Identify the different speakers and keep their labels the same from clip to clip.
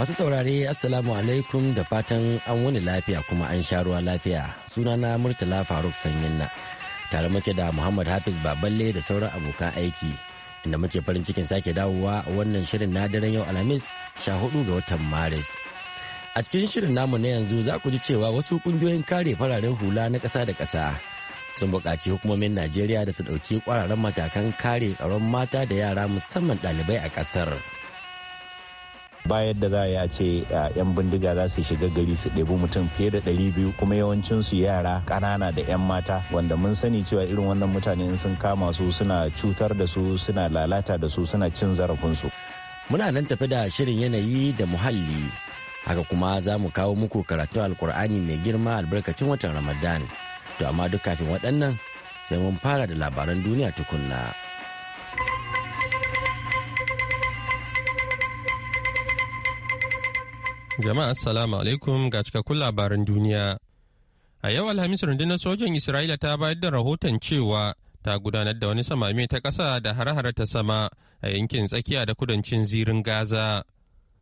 Speaker 1: Masu saurare Assalamu alaikum da fatan an wani lafiya kuma an sha ruwa lafiya sunana Murtala Faruk Sanyinna tare muke da Muhammad Hafiz Baballe da sauran abokan aiki inda muke farin cikin sake dawowa a wannan shirin na daren yau Alhamis sha hudu ga watan Maris. A cikin shirin namu na yanzu za ku ji cewa wasu kungiyoyin kare fararen hula na ƙasa da ƙasa sun buƙaci hukumomin Najeriya da su ɗauki ƙwararren matakan kare tsaron mata da yara musamman ɗalibai a ƙasar.
Speaker 2: bayan da za a ce yan bindiga za su shiga gari su ɗebi mutum fiye da ɗari biyu kuma yawancinsu yara ƙanana da yan mata wanda mun sani cewa irin wannan mutane sun kama su suna cutar da su suna lalata da su suna cin zarafinsu. Muna nan tafi
Speaker 1: da shirin yanayi da muhalli haka kuma za mu kawo muku karatu alkur'ani mai girma albarkacin watan Ramadan. To amma duk kafin waɗannan sai mun fara da labaran duniya
Speaker 3: tukunna. Jama'a assalamu alaikum ga cikakkun labaran duniya. A yau Alhamis rundunar sojan Isra'ila ta bayar da rahoton cewa ta gudanar da wani samame ta ƙasa da har ta sama a yankin tsakiya da kudancin zirin Gaza.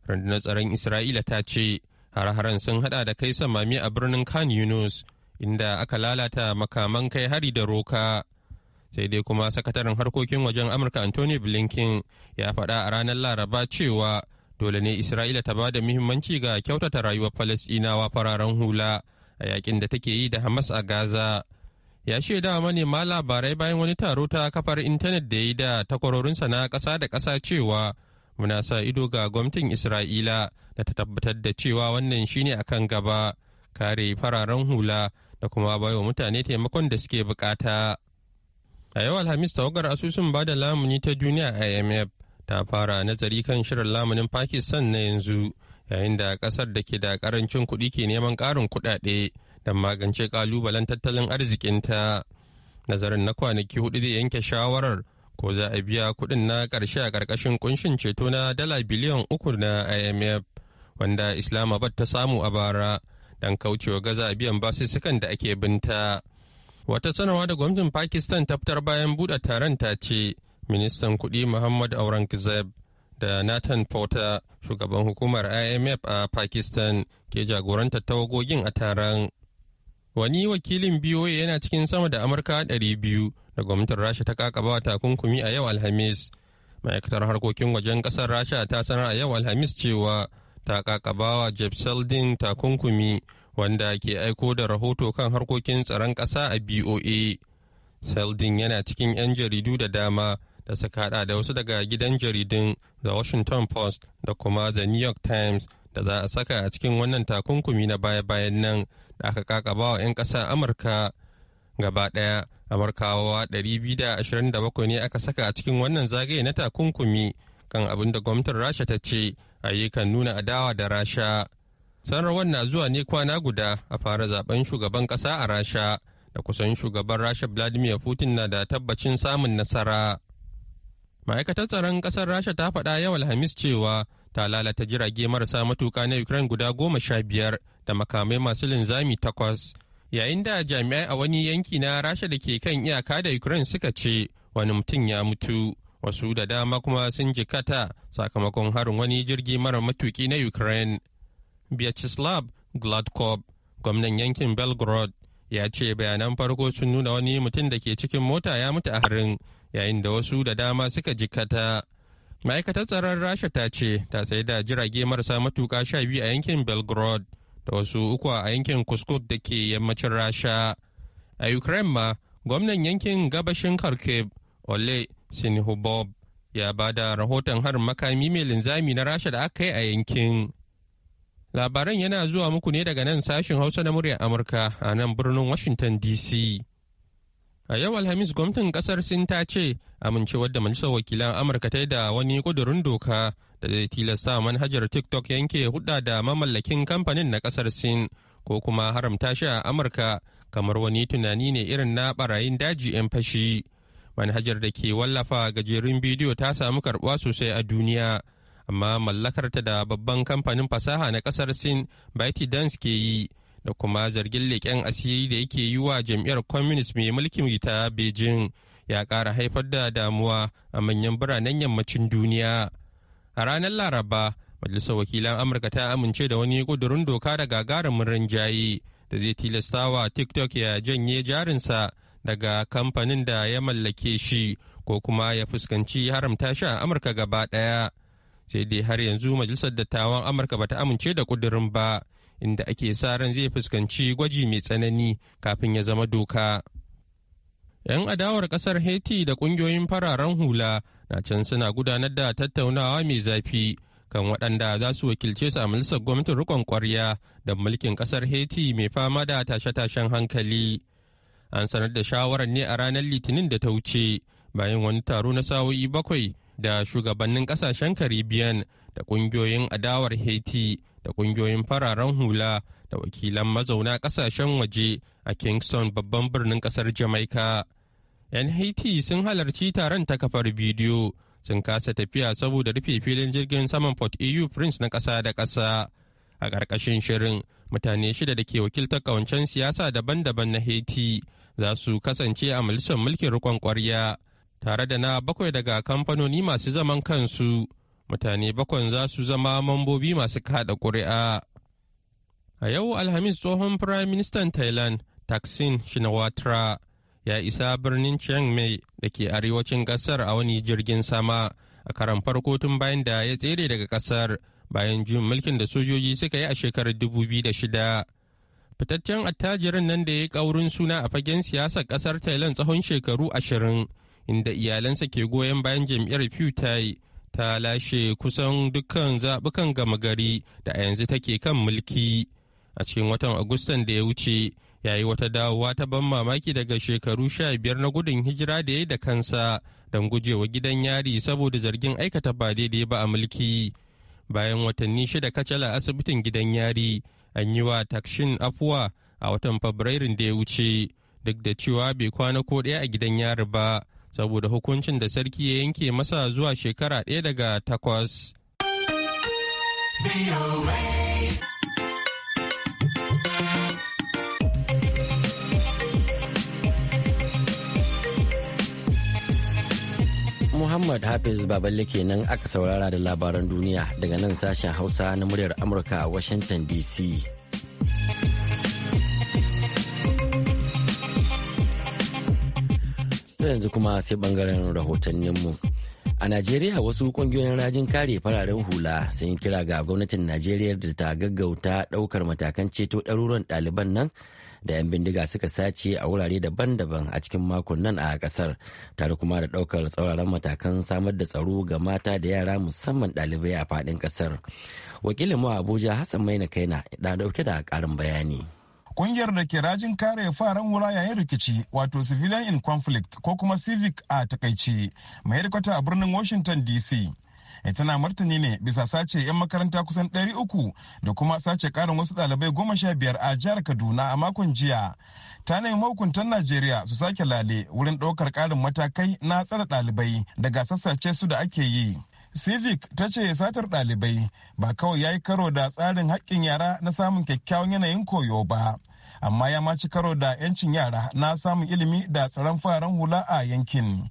Speaker 3: Rundunar tsaron Isra'ila ta ce har-haren sun hada da kai samame a birnin Khan Yunus inda aka lalata makaman kai hari da roka. sai dai kuma sakataren harkokin wajen amurka anthony blinken ya faɗa a ranar laraba cewa dole ne Isra'ila ta ba da muhimmanci ga kyautata rayuwar falasinawa fararen hula a yakin da take yi da Hamas a Gaza. Ya shaida manema labarai bayan wani taro ta kafar intanet da ya yi da takwarorinsa na ƙasa da ƙasa cewa muna sa ido ga gwamnatin Isra'ila da ta tabbatar da cewa wannan shine akan gaba kare fararen hula da kuma baiwa mutane taimakon da suke bukata. A yau Alhamis tawagar asusun bada lamuni ta duniya IMF ta fara nazari kan shirin lamunin Pakistan na yanzu yayin da kasar da ke da karancin kuɗi ke neman ƙarin kuɗaɗe don magance ƙalubalen tattalin arzikinta. Nazarin na kwanaki hudu da yanke shawarar ko za a biya kuɗin na ƙarshe a ƙarƙashin kunshin ceto na dala biliyan uku na IMF wanda Islamabad ta samu a bara don kaucewa gaza biyan basussukan da ake binta. Wata sanarwa da gwamnatin Pakistan ta fitar bayan buɗe taron ta ce ministan kuɗi muhammad aurangzeb da nathan porter shugaban hukumar imf a pakistan ke jagorantar tawagogin a taron wani wakilin boa yana cikin sama da amurka 200 da gwamnatin rasha ta kakaba takunkumi a yau alhamis ma'aikatar harkokin wajen kasar rasha ta sanar a yau alhamis cewa ta kakabawa jeff seldin takunkumi wanda ke aiko da rahoto kan harkokin tsaron ƙasa a boa seldin yana cikin 'yan jaridu da dama da suka hada da wasu daga gidan jaridun The Washington Post da kuma The New York Times da za a saka a cikin wannan takunkumi na baya-bayan nan da aka kakaba wa 'yan ƙasa Amurka gaba ɗaya. Amurkawa 227 ne aka saka a cikin wannan zagaye na takunkumi kan abin da gwamnatin Rasha ta ce ayyukan nuna adawa da Rasha. Sanarwar na zuwa ne kwana guda a fara zaben shugaban ƙasa a Rasha da kusan shugaban Rasha Vladimir Putin na da tabbacin samun nasara. ma'aikatar tsaron ƙasar rasha ta faɗa yau alhamis cewa ta lalata jirage marasa matuka na ukraine guda goma sha biyar da makamai masu linzami takwas yayin da jami'ai a wani yanki na rasha da ke kan iyaka da ukraine suka ce wani mutum ya mutu wasu da dama kuma sun jikata sakamakon harin wani jirgi mara matuki na ukraine vyacheslav gladkov gwamnan yankin belgrade ya ce bayanan farko sun nuna wani mutum da ke cikin mota ya mutu a harin yayin da wasu da dama suka jikata ma'aikatar tsaron rasha ta ce ta tsaye da jirage marasa matuka sha biyu a yankin belgrade da wasu uku a yankin kuskuk da ke yammacin rasha a ukraine ma gwamnan yankin gabashin kharkiv ole sinihubov ya ba da rahoton harin makami mai linzami na rasha da aka yi a yankin Labaran yana zuwa muku ne daga nan sashin Hausa na muryar Amurka a nan birnin Washington DC. A yau Alhamis gwamnatin kasar Sin ta ce amincewar da Majalisar Wakilan Amurka ta yi da wani kudurin doka da zai tilasta manhajar TikTok yanke hudda da mamallakin kamfanin na kasar Sin ko kuma haramta shi a Amurka kamar wani tunani ne irin na barayin daji 'yan fashi. Manhajar da ke wallafa gajerun bidiyo ta samu karɓuwa sosai a duniya. amma mallakarta da babban kamfanin fasaha na kasar sin dance ke yi da kuma zargin leƙen asiri da yake yi wa jam'iyyar communist mai mulkin ta beijing ya ƙara haifar da damuwa a manyan biranen yammacin duniya a ranar laraba majalisar wakilan amurka ta amince da wani ƙudurin doka da gagarumin rinjaye da zai tilastawa tiktok ya janye jarinsa daga kamfanin da ya mallake shi ko kuma ya fuskanci haramta shi a amurka gaba ɗaya sai dai har yanzu majalisar dattawan amurka bata amince da kudurin ba inda ake sa ran zai fuskanci gwaji mai tsanani kafin ya zama doka 'yan adawar kasar haiti da kungiyoyin fararen hula na can suna gudanar da tattaunawa mai zafi kan waɗanda za su wakilce su a majalisar gwamnatin rikon kwarya da mulkin kasar haiti mai fama da tashe-tashen hankali an sanar da shawarar ne a ranar litinin da ta wuce bayan wani taro na sa'o'i bakwai da shugabannin kasashen caribbean da kungiyoyin adawar haiti da kungiyoyin fararen hula da wakilan mazauna kasashen waje a kingston babban birnin kasar jamaica 'yan haiti sun halarci taron ta kafar bidiyo sun kasa tafiya saboda rufe filin jirgin saman port eu prince na kasa da kasa a ƙarƙashin shirin mutane shida da ke wakiltar ƙawancen siyasa daban-daban na haiti za su kasance a majalisar mulkin riƙon ƙwarya tare da na bakwai daga kamfanoni masu zaman kansu mutane bakwan za su zama mambobi masu kada ƙuri'a. A yau Alhamis tsohon Firayim Ministan Thailand Taksin Shinawatra ya isa birnin Chiang Mai da ke arewacin ƙasar a wani jirgin sama a karan farko tun bayan da ya tsere daga ƙasar bayan juyin mulkin da sojoji suka yi a shekarar 2006. Fitaccen attajirin nan da ya yi ƙaurin suna a fagen siyasar kasar Thailand tsawon shekaru ashirin inda iyalansa ke goyon bayan jam'iyyar pew ta yi ta lashe kusan dukkan zaɓukan gama gari da a yanzu take kan mulki a cikin watan agustan da ya wuce ya yi wata dawowa ta ban mamaki daga shekaru sha biyar na gudun hijira da ya yi da kansa don gujewa gidan yari saboda zargin aikata ba daidai ba a mulki bayan watanni shida kacala asibitin gidan yari an yi wa takshin afuwa a watan fabrairun da ya wuce duk da cewa bai kwana ko ɗaya a gidan yari ba saboda hukuncin da sarki ya yanke masa zuwa shekara ɗaya daga takwas.
Speaker 1: Muhammad Hafiz Baballe kenan aka saurara da labaran duniya daga nan sashen Hausa na muryar Amurka a Washington DC. yanzu kuma sai bangaren rahotanninmu a najeriya wasu kungiyoyin rajin kare fararen hula sun yi kira ga gwamnatin najeriya da ta gaggauta daukar matakan ceto ɗaruruwan ɗaliban nan da 'yan bindiga suka sace a wurare daban-daban a cikin makon nan a kasar tare kuma da daukar tsauraran matakan samar da tsaro ga mata da yara musamman ɗalibai a faɗin kasar wakilin mu abuja hassan maina kaina na dauke da ƙarin bayani
Speaker 2: Kungiyar da ke rajin kare fararen wura yayin rikici wato civilian in conflict ko kuma civic a takaice mai rikwata a birnin Washington DC. Eh, tana martani ne bisa sace 'yan makaranta kusan 300 da kuma sace karin wasu dalibai goma sha biyar a jihar kaduna a makon jiya ta nemi mahukuntan najeriya su sake lale wurin ɗaukar karin matakai na tsara dalibai daga sassace su da ake yi civic ta ce satar ɗalibai ba kawai ya yi karo da tsarin haƙƙin yara na samun kyakkyawan yanayin koyo ba amma ya maci karo da 'yancin yara na samun ilimi da tsaron fararen hula a yankin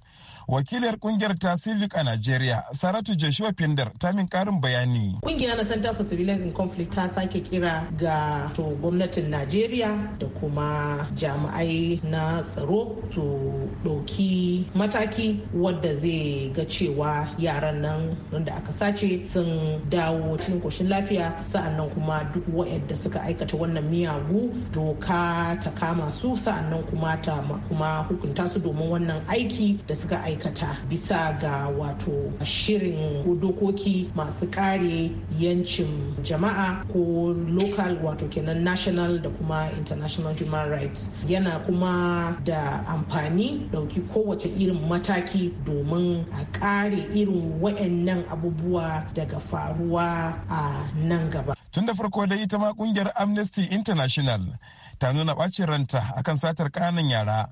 Speaker 2: wakiliyar kungiyar ta Civic a nigeria Saratu Joshua Pindar ta min karin bayani.
Speaker 4: Kungiya na Center for Civilians in Conflict ta sake kira ga to gwamnatin nigeria da kuma jami'ai na tsaro su ɗauki mataki wadda zai ga cewa yaran nan wanda aka sace sun dawo cikin koshin lafiya sa'annan kuma duk wayanda suka aikata wannan miyagu doka ta kama su sa'annan kuma ta kuma hukunta su domin wannan aiki da suka aikata. ma'aikata bisa ga wato shirin dokoki masu kare yancin jama'a ko local wato kenan national da kuma international human rights yana kuma da amfani dauki kowace irin mataki domin a kare irin waɗannan abubuwa daga faruwa
Speaker 2: a nan gaba tun da farko da ita ma kungiyar amnesty international ta nuna bacin ranta akan satar kanan yara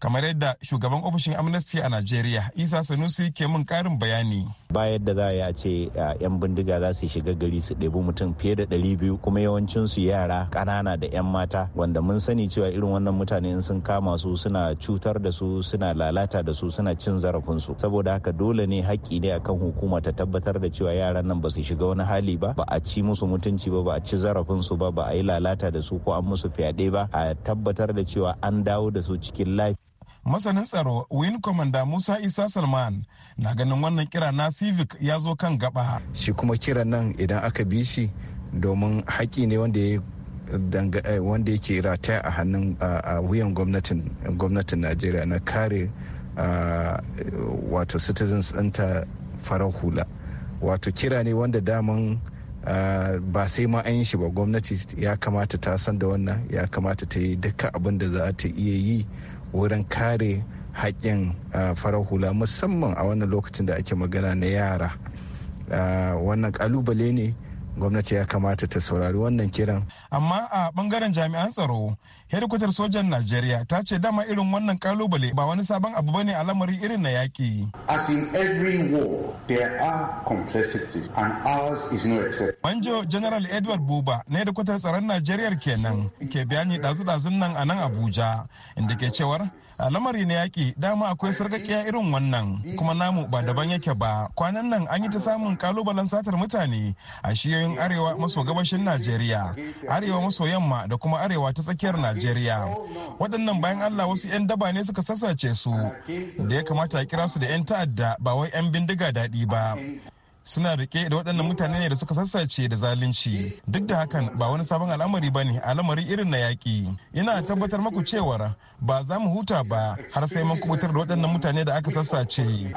Speaker 2: kamar yadda shugaban ofishin amnesty a nigeria isa sanusi ke mun karin bayani ba yadda za a ce yan bindiga za su shiga gari su ɗebi mutum fiye da ɗari biyu kuma yawancin su yara ƙanana da yan mata wanda mun sani cewa irin wannan mutane in sun kama su suna cutar da su suna lalata da su suna cin zarafin su saboda haka dole ne haƙƙi ne akan hukuma ta tabbatar da cewa yaran nan ba su shiga wani hali ba ba a ci musu mutunci ba ba a ci zarafin su ba ba a yi lalata da su ko an musu fyaɗe ba a tabbatar da cewa an dawo da su cikin lafiya masanin tsaro wayin komanda musa isa salman na ganin wannan kira na civic ya zo kan gaba shi kuma kiran nan idan aka bi shi domin haƙi ne wanda ya eh, wanda yake rataya a hannun a wuyan gwamnatin najeriya na kare wato citizens ɗinta farar hula wato kira ne wanda daman ba sai ma an yi shi ba gwamnati ya kamata ta san da wannan ya kamata ta yi duka abin da za ta iya yi wurin kare haƙƙin farar hula musamman a wannan lokacin da ake magana na yara wannan ƙalubale ne gwamnati ya kamata ta saurari wannan kiran. Amma a bangaren jami'an tsaro, hedikwatar sojan Najeriya ta ce dama irin wannan kalubale ba wani sabon abu bane a lamarin irin na yaƙi. As in every war, there are complexities and ours is no exception. Banjo General Edward Buba na hedikwatar tsaron Najeriya kenan ke bayani dazu-dazun nan a nan Abuja, inda ke cewar a lamari na yaƙi dama akwai sarƙaƙiya irin wannan kuma namu ba daban yake ba kwanan nan an yi ta samun kalubalen satar mutane a shiyoyin arewa maso gabashin najeriya arewa maso yamma da kuma arewa ta tsakiyar najeriya waɗannan bayan allah wasu 'yan daba ne suka sassace su da ya kamata a kira su da 'yan ta'adda ba wai 'yan bindiga daɗi ba suna rike da waɗannan mutane ne da suka sassace da zalunci duk da hakan ba wani sabon al'amari ba ne al'amari irin na yaƙi ina tabbatar maku cewar ba za mu huta ba har sai mun kubutar da waɗannan mutane da aka sassace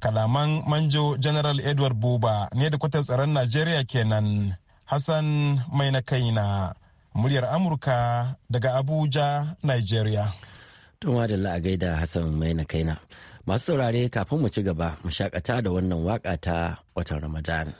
Speaker 2: kalaman manjo general edward buba ne da kwatar tsaron najeriya kenan hassan mai na kaina muryar amurka daga abuja nigeria
Speaker 1: To madalla a gaida Hassan Maina kaina. Masu saurare kafin mu ci gaba mu shakata da wannan waƙa ta watan Ramadan.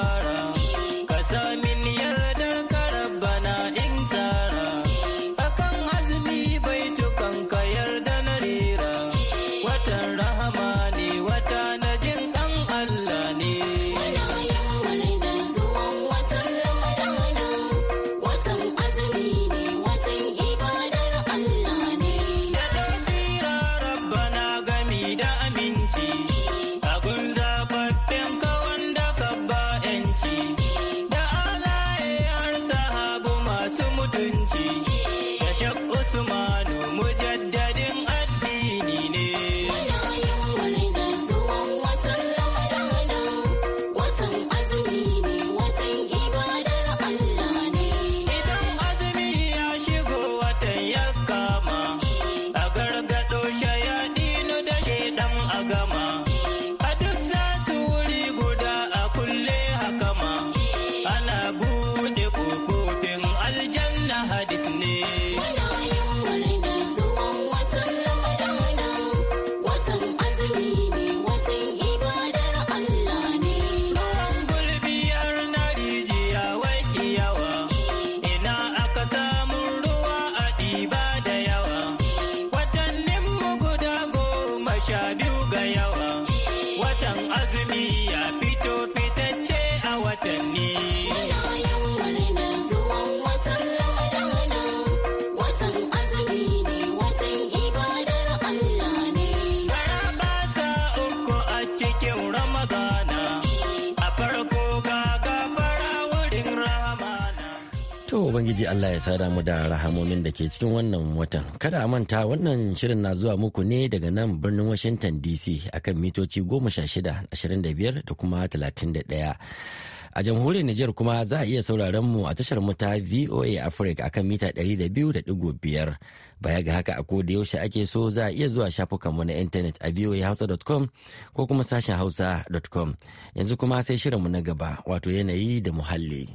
Speaker 1: para ubangiji allah ya sada mu da rahamomin da ke cikin wannan watan kada a manta wannan shirin na zuwa muku ne daga nan birnin washington dc akan mitoci goma sha da kuma talatin a jamhuriyar Nijar kuma za a iya sauraron mu a tashar mu ta VOA Africa akan mita 200.5 baya ga haka a da yaushe ake so za a iya zuwa shafukanmu na intanet a voahausa.com ko kuma sashen hausa.com yanzu kuma sai shirin mu na gaba wato yanayi da muhalli.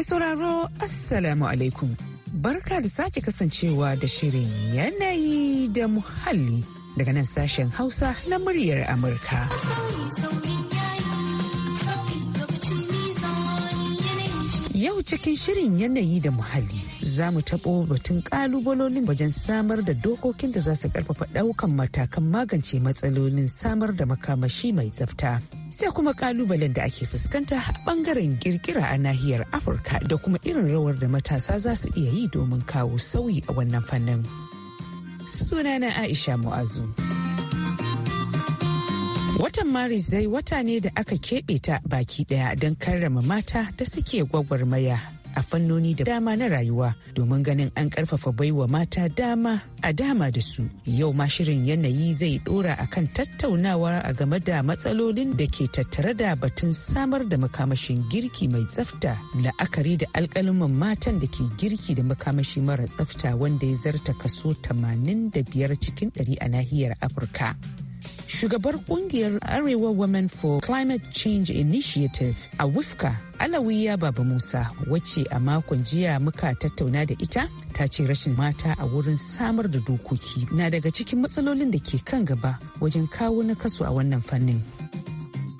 Speaker 4: Mai sauraro Assalamu alaikum. Barka da sake kasancewa da shirin yanayi da muhalli daga nan sashen Hausa na muryar Amurka. Yau cikin shirin yanayi da muhalli za mu taɓo batun ƙalubalolin wajen samar da dokokin da za su ƙarfafa ɗaukan matakan magance matsalolin samar da makamashi mai tsafta. Sai kuma ƙalubalen da ake fuskanta a ɓangaren kirkira a nahiyar Afirka da kuma irin rawar da matasa za su iya yi domin kawo sauyi a wannan fannin. Sunana Aisha Mu'azu. Watan Maris dai wata ne da aka keɓe ta baki ɗaya don karrama mata da suke gwagwarmaya a fannoni da dama na rayuwa domin ganin an karfafa baiwa mata dama a dama da su. Yau ma shirin yanayi zai ɗora a kan tattaunawa a game da matsalolin da ke tattare da batun samar da makamashin girki mai tsafta la'akari da alkalamin matan da ke girki da makamashi mara tsafta wanda ya zarta kaso 85 cikin 100 a nahiyar Afirka. shugabar kungiyar Arewa Women for Climate Change Initiative a Wifka Alawiya Baba Musa wacce a makon jiya muka tattauna da ita ta ce rashin mata a wurin samar da dokoki na daga cikin matsalolin da ke kan gaba wajen kawo na kasu a wannan fannin.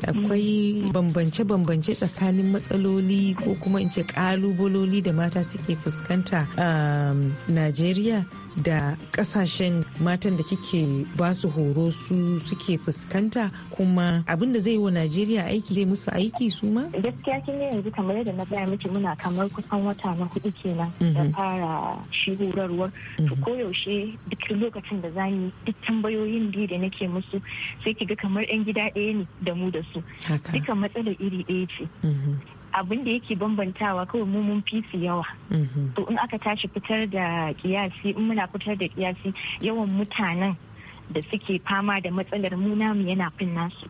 Speaker 4: akwai bambance-bambance tsakanin matsaloli ko kuma in ce kalubaloli da mata suke fuskanta a um, najeriya da kasashen matan da kike ba su horo su suke fuskanta kuma abin da zai wa najeriya aiki zai musu aiki su ma gaskiya kin yanzu kamar yadda na gaya miki muna kamar kusan wata na hudu kenan da mhm. fara shi horarwar to mhm. koyaushe
Speaker 5: duk lokacin da za ni duk tambayoyin da nake musu sai ki ga kamar yan gida ɗaya ne da mu da su duka matsalar iri ɗaya ce mhm. abin da yake bambantawa kawai mu mun fi su yawa mhm. to in aka tashi fitar da kiyasi in muna fitar da kiyasi yawan mutanen da suke fama da matsalar mu namu yana fin nasu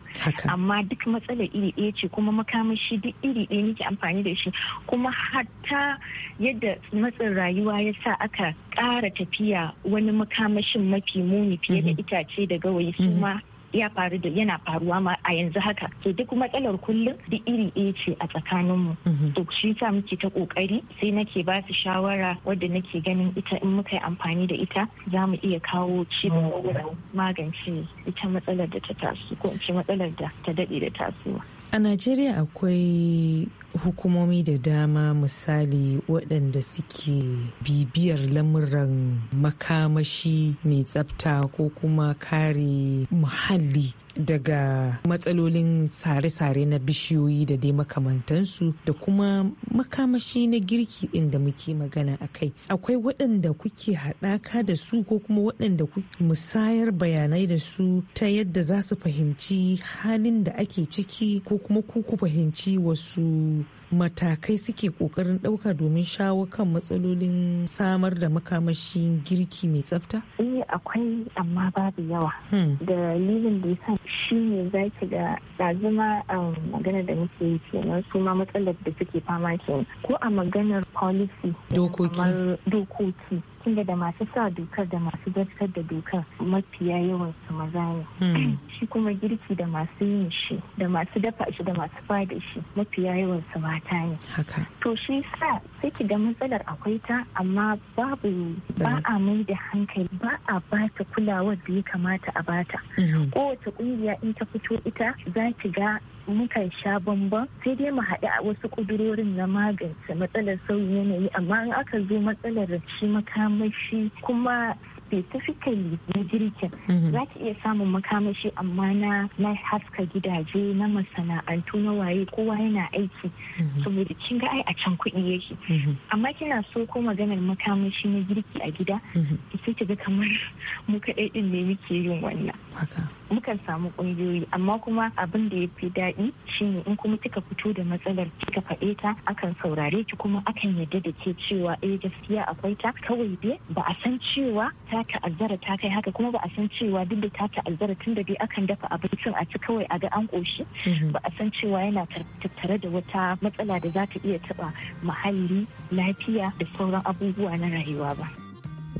Speaker 5: amma duk matsalar iri ɗaya ce kuma makamashi duk iri ɗaya nake amfani da shi kuma hatta yadda matsin rayuwa ya sa aka ƙara tafiya wani makamashin mafi muni fiye da mhm. itace da gawayi su mhm. ma ya faru da yana faruwa ma a yanzu haka to duk matsalar kullum duk iri ɗaya ce a tsakaninmu mhm. to shi sa muke ta kokari sai nake ba su shawara wadda nake ganin ita in muka yi amfani da ita za mu iya kawo ci wurin magance ita matsalar da ta taso ko in ce matsalar da ta daɗe da tasowa
Speaker 4: a najeriya akwai hukumomi da dama misali waɗanda suke bibiyar lamuran makamashi mai tsafta ko kuma kare muhalli daga matsalolin sare-sare na bishiyoyi da dai makamantansu da kuma makamashi na girki ɗin da muke magana a kai akwai waɗanda kuke haɗaka da su ko kuma waɗanda musayar bayanai da su ta yadda za su fahimci halin da ake ciki ko kuma ku ku fahimci wasu matakai suke kokarin ɗauka domin shawo kan matsalolin samar da makamashin girki mai tsafta? Eh akwai amma babu yawa. Hmm. Dalilin da yasa shi ne za ki
Speaker 5: ga ɗazuma um, maganar da muke yi kenan su ma matsalar da suke fama kenan ko a maganar policy. Dokoki. Dokoki. tunda da masu sa dokar da masu gaskar da dokar mafiya yawan su maza ne hmm. shi kuma girki da masu yin shi da masu dafa shi da masu fada shi mafiya yawan su mata ne to shi sa sai da matsalar akwai ta amma babu ba a mai da hankali ba a ba ta kulawar da ya kamata a bata hmm. kowace kungiya in ta fito ita za ki ga mukan sha bamban sai dai mu haɗu a wasu ƙudurorin na magance matsalar sauyin yanayi amma in aka zo matsalar shi makamashi kuma specifically na girkin mhm. za ki iya samun makamashi amma na na haska gidaje na masana'antu na waye kowa yana aiki mhm. saboda kin ga ai a can kuɗi yake mhm. amma kina so ko maganar makamashi na girki a gida sai ki ga kamar mu kaɗai ɗin ne muke yin wannan mukan samu ƙungiyoyi amma kuma abin da ya fi daɗi shine in kuma kika fito da matsalar kika faɗe ta akan saurare ki kuma akan yadda da ke cewa eh gaskiya akwai ta kawai dai ba a san cewa ta ta'azzara ta kai haka kuma ba a san cewa duk da ta ta'azzara tun da dai akan dafa abincin a ci kawai a ga an ƙoshi mm-hmm. ba a san cewa yana tattare da wata matsala da za ta iya taɓa
Speaker 4: muhalli lafiya da sauran abubuwa na rayuwa ba.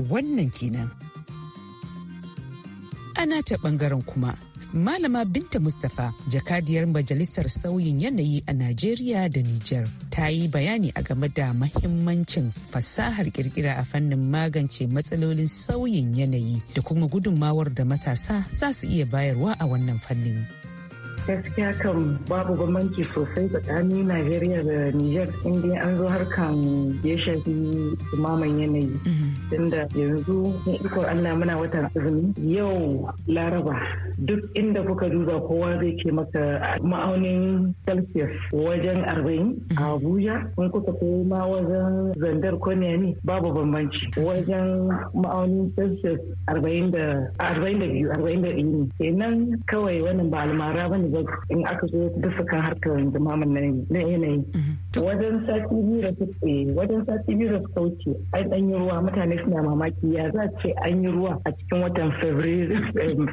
Speaker 4: Wannan kenan. Ana ta bangaren kuma malama binta mustapha jakadiyar majalisar sauyin yanayi a najeriya da niger ta yi bayani a game da mahimmancin fasahar kirkira a fannin magance matsalolin sauyin yanayi da kuma gudunmawar da matasa za su iya bayarwa a wannan fannin
Speaker 6: gaskiya kan babu bambanci sosai tsakanin najeriya da niger inda an zo harkan ya shafi maman yanayi Inda mm-hmm. yanzu ikon allah muna watan azumi yau laraba duk inda kuka duba kowa zai ke maka ma'aunin celsius wajen arba'in a mm-hmm. abuja kun kuka koma ma wajen zandar konyani babu bambanci wajen ma'aunin celsius arba'in da biyu arba'in da biyu ne kenan kawai wannan ba almara bane ba ook heb aka zo da suka harkar zama na nee wajen sati biyu da suke eh, wajen sati biyu da suka wuce ai an yi ruwa mutane suna mamaki ya za ce an yi ruwa a cikin watan eh,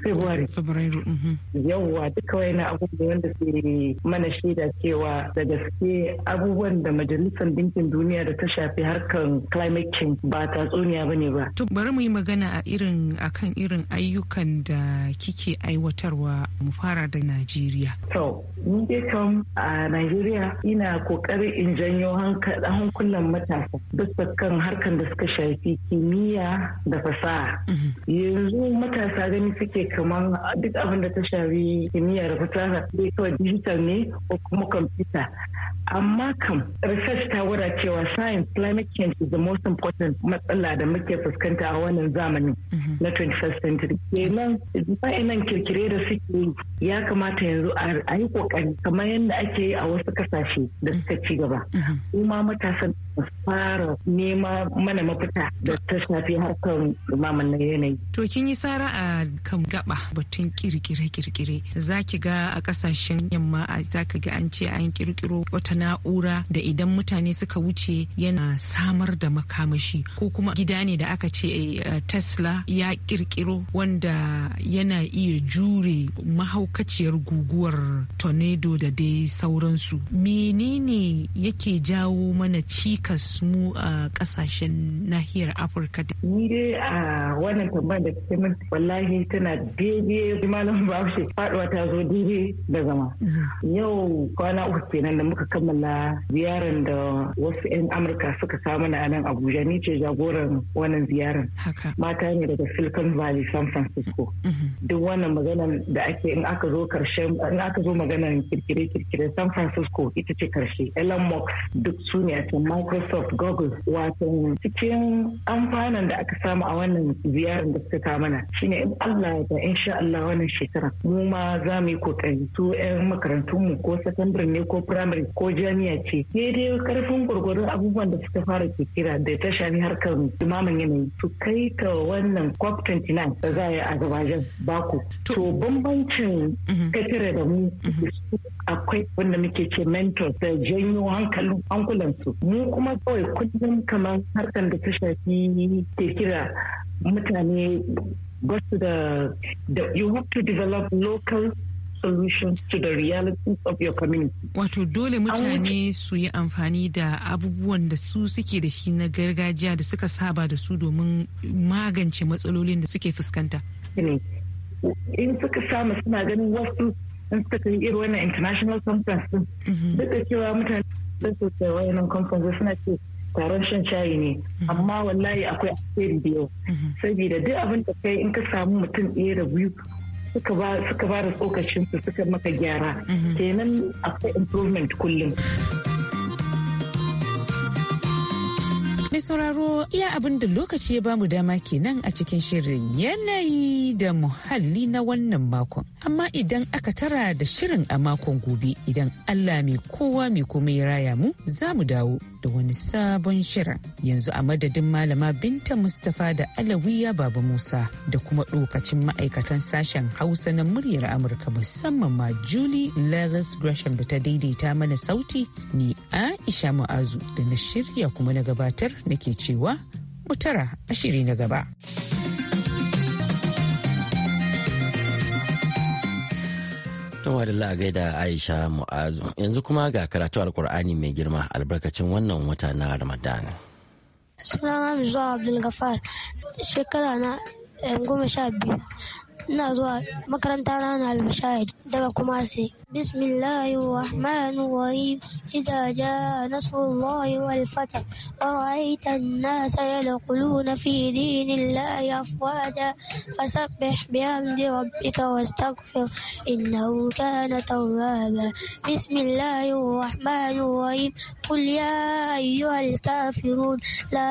Speaker 6: february february mhm. yawwa duka na abubuwan wanda ke mana shaida cewa da gaske abubuwan da majalisar dinkin duniya da ta shafi harkan climate change ba tatsuniya ba ne ba
Speaker 4: to bari mu yi magana a irin akan irin ayyukan da kike aiwatarwa mu fara da najeriya
Speaker 6: to ni dai kam a najeriya ina kokarin in janyo hankulan matasa duk kan harkar da suka shafi kimiyya da fasaha mhm. yanzu matasa gani suke kamar duk abin da ta shafi kimiyya da fasaha sai kawai digital ne ko kuma kwamfuta amma kam research ta gwada cewa science climate change is the most important matsala da muke fuskanta a wannan zamani mhm. na 21st century kenan nan kirkire da suke ya kamata yanzu a yi kokari kamar yadda ake yi a wasu kasashe da suka ci gaba kuma mhm. matasan fara nema mana mafita da ta shafi harkar dumaman na yanayi
Speaker 4: to kin yi sara a kan gaba batun kirkire kirkire ki ga a kasashen yamma za ka ga an ce an kirkiro wata na'ura da idan mutane suka wuce yana samar da makamashi ko kuma gida ne da aka ce eh, eh, tesla ya kirkiro wanda yana iya jure mahaukaciyar guguwar tornado da dai sauransu menene yake jawo mana cikas mu a kasashen nahiyar afirka ni dai a wannan
Speaker 6: tambayar da kake min wallahi tana daidai malam bahaushe faduwa ta zo daidai da zama mm-hmm. yau kwana uku kenan da muka kammala ziyarar da wasu 'yan amurka suka kawo na nan abuja ni ce jagoran wannan ziyarar mata ne daga silicon valley san francisco mm-hmm. duk wannan maganar da ake in aka zo karshen in aka zo maganar kirkire-kirkire san francisco ita ce karshe framework duk su ne Microsoft Google wato cikin amfanan da aka samu a wannan ziyarar da suka kawo mana shine in Allah ya ga insha Allah wannan shekara mu ma za mu yi kokari su yan makarantun mu ko secondary ne ko primary ko jami'a ce daidai karfin gurgurun abubuwan da suka fara kira da ta shafi harkar imamin yanayi su kai ka wannan COP 29 da za a yi a gabajen baku to bambancin mhm. katira da mu mhm. akwai wanda muke ce mentor da janyo hankali an hankulansu mu kuma kawai kullum kamar harkar da ta shafi ke kira mutane ba da da you have to develop local solutions to the realities of your community. Wato dole mutane
Speaker 4: su yi amfani da abubuwan da su suke da shi na gargajiya da suka saba da su domin magance matsalolin da suke fuskanta.
Speaker 6: In suka samu suna ganin wasu in suka yi irin international conference mhm. duk da cewa mutane sai su ce nan kamfanin suna ce taron shan shayi ne mhm. amma wallahi akwai asiri da yau mhm. saboda duk abin da kai in ka samu mutum ɗaya da biyu suka ba da tsokacin su suka maka gyara mhm. kenan akwai improvement kullum.
Speaker 4: Mai sauraro iya abin da lokaci ya bamu dama kenan a cikin shirin yanayi da muhalli na wannan makon. Amma idan aka tara da shirin a makon gobe idan Allah mai kowa mai kuma ya raya mu za mu dawo da wani sabon shirin. Yanzu a madadin malama Binta Mustapha da Alawiya Baba Musa da kuma dokacin ma'aikatan sashen Hausa na muryar Amurka musamman ma Julie lagos Gresham da ta daidaita mana sauti ni Aisha Ma'azu da na shirya kuma na gabatar nake cewa mutara ashiri na gaba.
Speaker 1: Tuma da la'agai Aisha Mu'azu yanzu kuma ga karatu alkur'ani mai girma albarkacin wannan wata na Ramadan.
Speaker 7: Sunana Mizo Abdul Gafar shekara na eh, goma sha biyu ina zuwa makaranta na albashahid daga kumasi bismillahi rahmani rahim idza jaa nasrullahi wal fath wa ra'aita an-nasa yadkhuluna fi dinillahi afwaja fasabbih bihamdi rabbika wastaghfir innahu kana tawwaba bismillahi rahmani rahim qul ya ayyuhal kafirun la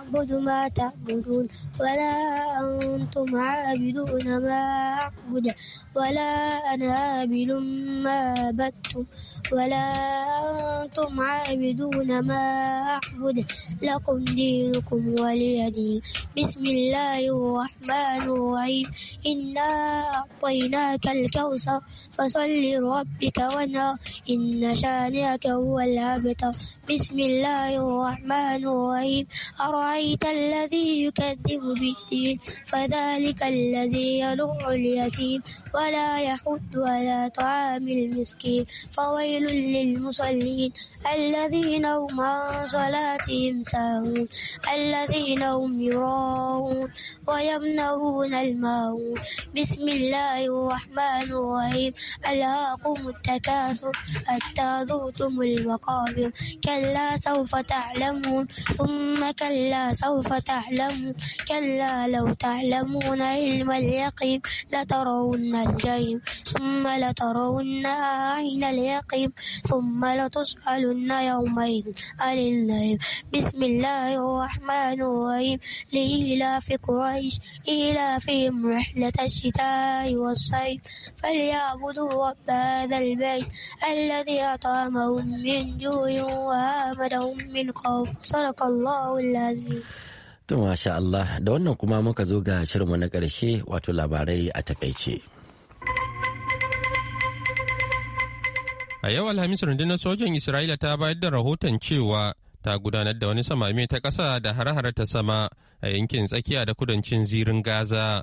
Speaker 7: a'budu ma ta'budun wa la antum 'abiduna ma أعبد ولا أنا عابد ما عبدتم ولا أنتم عابدون ما أعبد لكم دينكم ولي دين بسم الله الرحمن الرحيم إنا أعطيناك الكوثر فصل لربك وانهر إن شانئك هو الأبتر بسم الله الرحمن الرحيم أرأيت الذي يكذب بالدين فذلك الذي ينور جوع اليتيم ولا يحد على طعام المسكين فويل للمصلين الذين هم عن صلاتهم ساهون الذين هم يراهون ويمنعون الماهون بسم الله الرحمن الرحيم ألهاكم التكاثر حتى ذوتم المقابر كلا سوف تعلمون ثم كلا سوف تعلمون كلا لو تعلمون علم اليقين الجحيم لترون الجحيم ثم لترون عين اليقين ثم لتسألن يومئذ عن النعيم بسم الله الرحمن الرحيم لإلاف قريش إلافهم رحلة الشتاء والصيف فليعبدوا رب هذا البيت الذي أطعمهم من جوع وآمنهم من خوف صدق الله العظيم
Speaker 1: To masha Allah da wannan kuma muka zo ga shirinmu
Speaker 3: na ƙarshe
Speaker 1: wato labarai a takaice.
Speaker 3: A yau Alhamis rundunar sojan Isra'ila ta bayar da rahoton cewa ta gudanar da wani samame ta ƙasa da har ta sama a yankin tsakiya da kudancin zirin Gaza.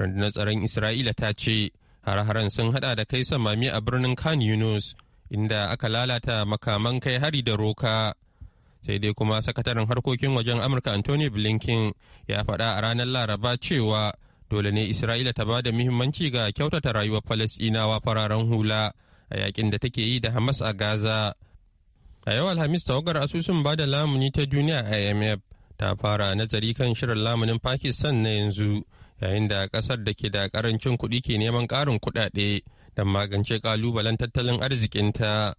Speaker 3: Rundunar tsaron Isra'ila ta ce har-haren sun hada da kai samami a birnin Khan Yunus inda aka lalata makaman kai hari da roka sai dai kuma sakataren harkokin wajen amurka anthony blinken ya faɗa a ranar laraba cewa dole ne isra'ila ta ba da muhimmanci ga kyautata rayuwar falasinawa fararen hula a yakin da take yi da hamas a gaza a yau alhamis tawagar asusun ba da lamuni ta duniya imf ta fara nazari kan shirin lamunin pakistan na yanzu yayin da kasar da ke da karancin kuɗi ke neman ƙarin kuɗaɗe don magance ƙalubalen tattalin arzikinta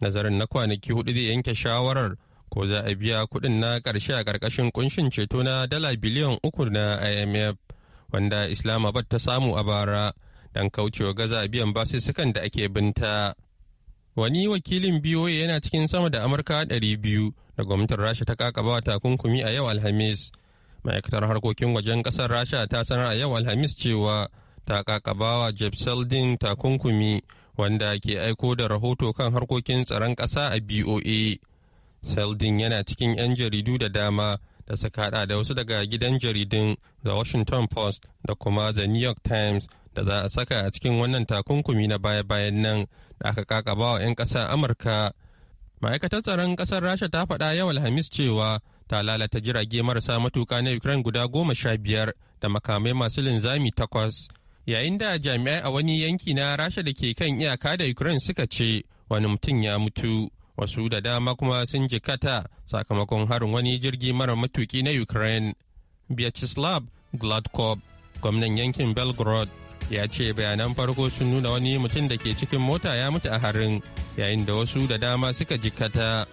Speaker 3: nazarin na kwanaki hudu da yanke shawarar ko za a biya kuɗin na ƙarshe a ƙarƙashin kunshin ceto na dala biliyan uku na imf wanda islamabad ta samu a bara don kaucewa gaza biyan basussukan da ake binta wani wakilin biyo yana cikin sama da amurka 200 da gwamnatin rasha ta kakaba takunkumi a yau alhamis ma'aikatar harkokin wajen kasar rasha ta sanar a yau alhamis cewa ta kakabawa jeff seldin takunkumi wanda ke aiko da rahoto kan harkokin tsaron ƙasa a boa Seldin yana cikin 'yan jaridu da dama da suka hada da wasu daga gidan jaridun The Washington Post da kuma The New York Times da za a saka a cikin wannan takunkumi na baya-bayan nan da aka kakaba wa 'yan ƙasa Amurka. Ma'aikatar tsaron kasar Rasha ta faɗa yau Alhamis cewa ta lalata jirage marasa matuka na Ukraine guda goma sha biyar da makamai masu linzami takwas. Yayin da jami'ai a wani yanki na Rasha da ke kan iyaka da Ukraine suka ce wani mutum ya mutu. wasu da dama kuma sun jikata sakamakon harin wani jirgi mara matuki na ukraine vyacheslav gladkov gwamnan yankin belgrade ya ce bayanan farko sun nuna wani mutum da ke cikin mota ya mutu a harin yayin da wasu da dama suka jikata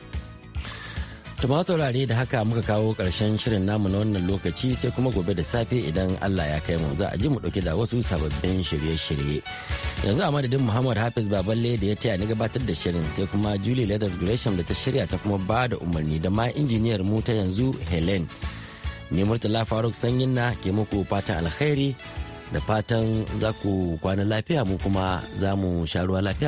Speaker 3: Tuma
Speaker 1: saurare da haka muka kawo ƙarshen shirin namu na wannan lokaci sai kuma gobe da safe idan Allah ya kai mu za a ji mu ɗauke da wasu sababbin shirye-shirye. Yanzu a madadin Muhammad Hafiz Baballe da ya taya ni gabatar da shirin sai kuma Julie Leathers Gresham da ta shirya ta kuma ba da umarni da ma injiniyar mu ta yanzu Helen. Ni Murtala Faruk Sanyin na ke muku fatan alkhairi da fatan za ku kwana lafiya mu kuma za mu sha ruwa lafiya.